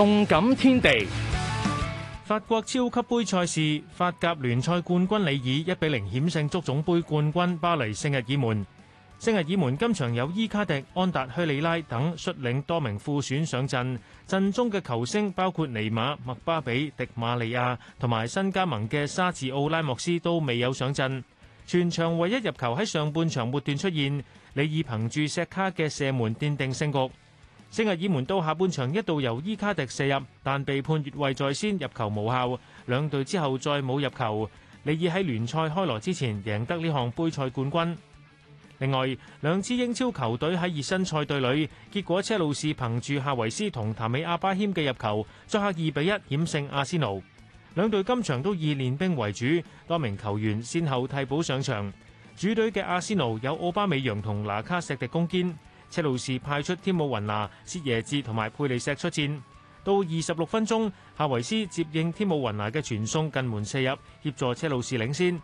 動感天地，法國超級杯賽事，法甲聯賽冠軍里爾一比零險勝足總杯冠軍巴黎聖日耳門。聖日耳門今場有伊卡迪、安達、希里拉等率領多名副選上陣，陣中嘅球星包括尼馬、麥巴比、迪馬利亞同埋新加盟嘅沙治奧拉莫斯都未有上陣。全場唯一入球喺上半場末段出現，里爾憑住石卡嘅射門奠定勝局。聖日耳門到下半場一度由伊卡迪射入，但被判越位在先，入球無效。兩隊之後再冇入球，里爾喺聯賽開鑼之前贏得呢項杯賽冠軍。另外，兩支英超球隊喺熱身賽對壘，結果車路士憑住夏維斯同譚美阿巴謙嘅入球，作客二比一險勝阿仙奴。兩隊今場都以練兵為主，多名球員先後替補上場。主隊嘅阿仙奴有奧巴美揚同拿卡錫迪攻堅。車路士派出天母雲拿、薛耶智同埋佩利石出戰。到二十六分鐘，夏維斯接應天母雲拿嘅傳送近門射入，協助車路士領先。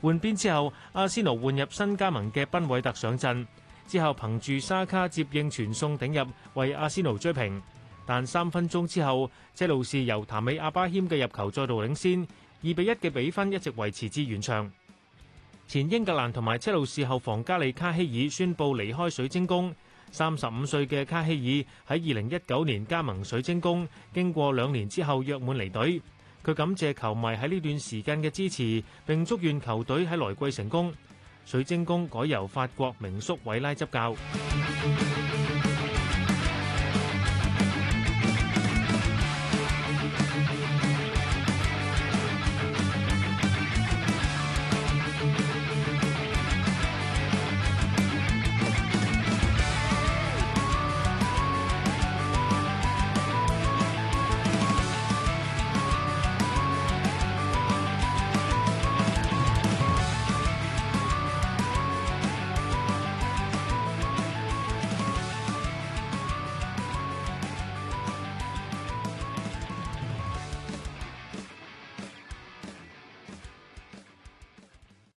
換邊之後，阿仙奴換入新加盟嘅賓偉特上陣，之後憑住沙卡接應傳送頂入，為阿仙奴追平。但三分鐘之後，車路士由譚美阿巴謙嘅入球再度領先，二比一嘅比分一直維持至完場。前英格蘭同埋車路士後防加里卡希爾宣布離開水晶宮。三十五歲嘅卡希爾喺二零一九年加盟水晶宮，經過兩年之後約滿離隊。佢感謝球迷喺呢段時間嘅支持，並祝願球隊喺來季成功。水晶宮改由法國名宿韋拉執教。